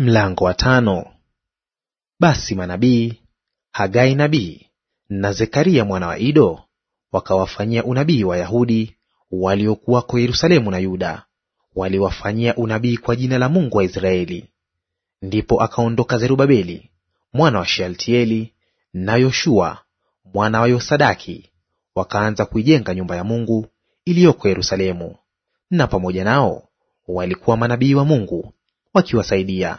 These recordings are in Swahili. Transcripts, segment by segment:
Mlango wa tano. Basi manabii Hagai nabii na Zekaria mwana wa Ido wakawafanyia unabii Wayahudi waliokuwako Yerusalemu na Yuda, waliwafanyia unabii kwa jina la Mungu wa Israeli. Ndipo akaondoka Zerubabeli mwana wa Shealtieli na Yoshua mwana wa Yosadaki, wakaanza kuijenga nyumba ya Mungu iliyoko Yerusalemu, na pamoja nao walikuwa manabii wa Mungu wakiwasaidia.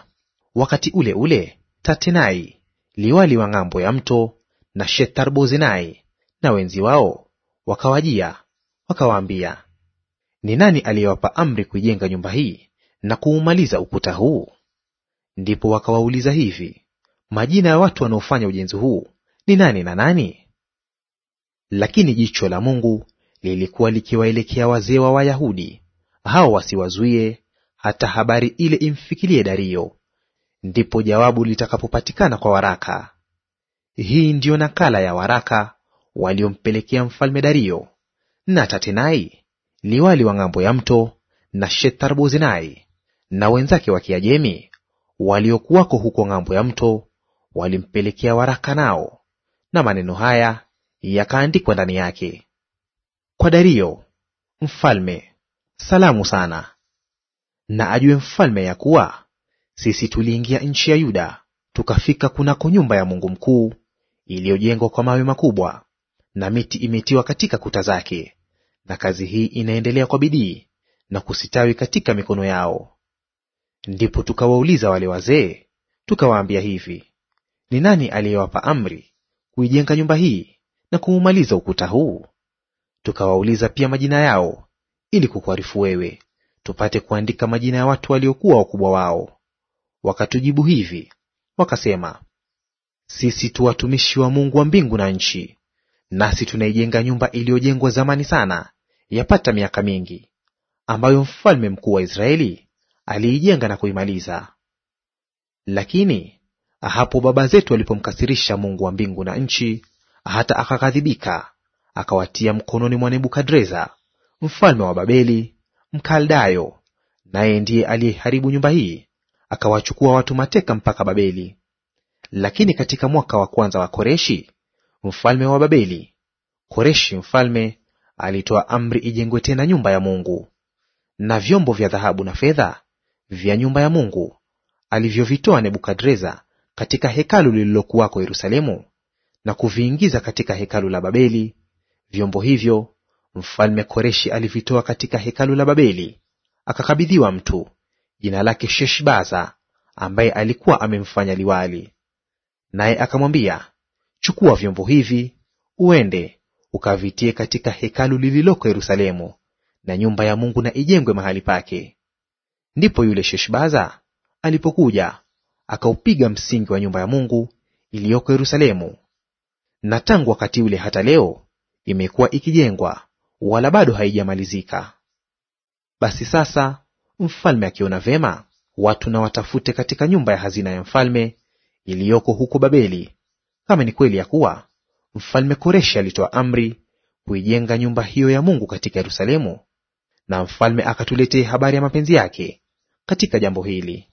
Wakati ule ule Tatenai liwali wa ng'ambo ya mto na Shetarbozenai na wenzi wao wakawajia, wakawaambia, ni nani aliyewapa amri kuijenga nyumba hii na kuumaliza ukuta huu? Ndipo wakawauliza hivi, majina ya watu wanaofanya ujenzi huu ni nani na nani? Lakini jicho la Mungu lilikuwa likiwaelekea wazee wa Wayahudi hao wasiwazuie hata habari ile imfikilie Dario ndipo jawabu litakapopatikana kwa waraka. Hii ndiyo nakala ya waraka waliompelekea mfalme Dario na Tatenai liwali wa ng'ambo ya mto na Shetharbozenai na wenzake wa Kiajemi waliokuwako huko ng'ambo ya mto walimpelekea waraka nao, na maneno haya yakaandikwa ndani yake. Kwa Dario mfalme, salamu sana. Na ajue mfalme ya kuwa sisi tuliingia nchi ya Yuda, tukafika kunako nyumba ya Mungu mkuu iliyojengwa kwa mawe makubwa, na miti imetiwa katika kuta zake, na kazi hii inaendelea kwa bidii na kusitawi katika mikono yao. Ndipo tukawauliza wale wazee, tukawaambia hivi, ni nani aliyewapa amri kuijenga nyumba hii na kuumaliza ukuta huu? Tukawauliza pia majina yao, ili kukuarifu wewe, tupate kuandika majina ya watu waliokuwa wakubwa wao. Wakatujibu hivi wakasema, sisi tu watumishi wa Mungu wa mbingu na nchi, nasi tunaijenga nyumba iliyojengwa zamani sana, yapata miaka mingi, ambayo mfalme mkuu wa Israeli aliijenga na kuimaliza. Lakini hapo baba zetu walipomkasirisha Mungu wa mbingu na nchi, hata akakadhibika, akawatia mkononi mwa Nebukadreza mfalme wa Babeli Mkaldayo, naye ndiye aliyeharibu nyumba hii akawachukua watu mateka mpaka Babeli. Lakini katika mwaka wa kwanza wa Koreshi mfalme wa Babeli, Koreshi mfalme alitoa amri ijengwe tena nyumba ya Mungu, na vyombo vya dhahabu na fedha vya nyumba ya Mungu alivyovitoa Nebukadreza katika hekalu lililokuwako Yerusalemu na kuviingiza katika hekalu la Babeli, vyombo hivyo mfalme Koreshi alivitoa katika hekalu la Babeli, akakabidhiwa mtu jina lake Sheshbaza, ambaye alikuwa amemfanya liwali. Naye akamwambia, chukua vyombo hivi uende ukavitie katika hekalu lililoko Yerusalemu, na nyumba ya Mungu na ijengwe mahali pake. Ndipo yule Sheshbaza alipokuja akaupiga msingi wa nyumba ya Mungu iliyoko Yerusalemu, na tangu wakati ule hata leo imekuwa ikijengwa, wala bado haijamalizika. Basi sasa Mfalme akiona vyema, watu na watafute katika nyumba ya hazina ya mfalme iliyoko huko Babeli, kama ni kweli ya kuwa mfalme Koreshi alitoa amri kuijenga nyumba hiyo ya Mungu katika Yerusalemu, na mfalme akatuletee habari ya mapenzi yake katika jambo hili.